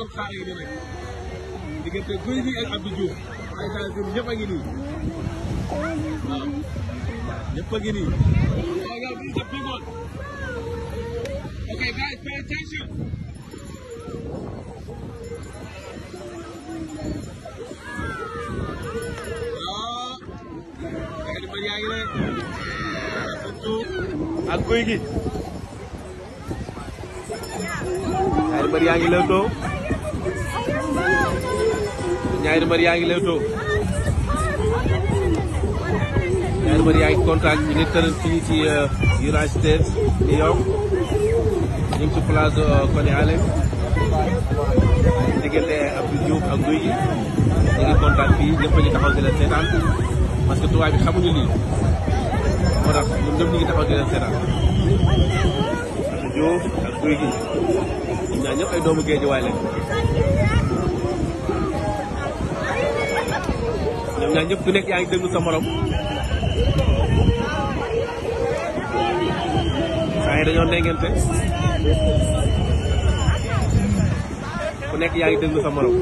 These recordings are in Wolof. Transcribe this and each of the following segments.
moom xaar yi di nekk diggante Gouye Gui ak Abdou Diouf ay daal ñoom ñëpp a ngi nii waaw ñëpp a ngi nii. Sénégal bi nga bëggoon ok guys pay attention. ak Gouye Gui. Ay mbër yaa ngi lewtoo ñaari mbër yaa ngi lewtoo ñaari mbër yaa ngi contact ñu ngi tëral fii ci euh, United States New York ñu ngi ci place euh, Coney Island diggante Abdou Diouf ak Guy gi ñu ngi fii ñëpp a ngi taxaw di leen seetaan parce que tubaab bi xamuñu lii moo tax ñun ñëpp ñu ngi taxaw di leen seetaan Abdou Diouf ak Guy gi ñun ñaa ñëpp ay doomu géej waay leen ñoom ñaar ñëpp ku nekk yaa ngi déglu sa morom saa yi dañoo ndengente ku nekk yaa ngi déglu sa morom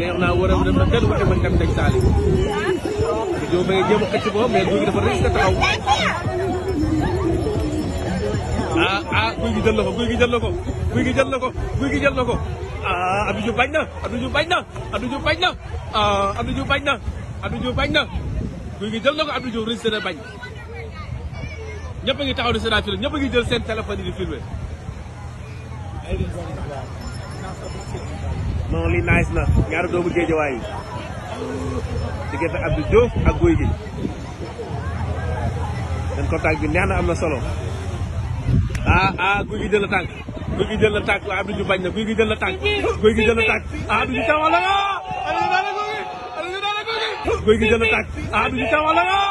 neex naa war a dem na dellu waxee man dem ndeg Salim. Diop ba nga jéem a xëcc ko mais guy gi dafa risque taxaw. ah ah guy gi jël na ko guy gi jël na ko guy gi jël na ko guy gi jël na ko ah Abdou Diouf bañ na Abdou Diouf bañ na Abdou Diouf bañ na ah Abdou Diouf bañ na Abdou Diouf bañ na guy gi jël na ko Abdou Diouf risque na bañ. ñëpp a ngi taxaw di seetaan film ñëpp a ngi jël seen téléphone yi di filmer. non lii nice na ñaari doomu géejawaay yi diggante Abdou Diouf ak Gouye Gui seen contact bi neex na am na solo ah ah Gouye Gui jël na tànk Gouye Gui jël na tànk waaye Abdou Diouf bañ na Gouye Gui jël na tànk Gouye Gui nga ah, Gouye Gui jël na tànk ah, nga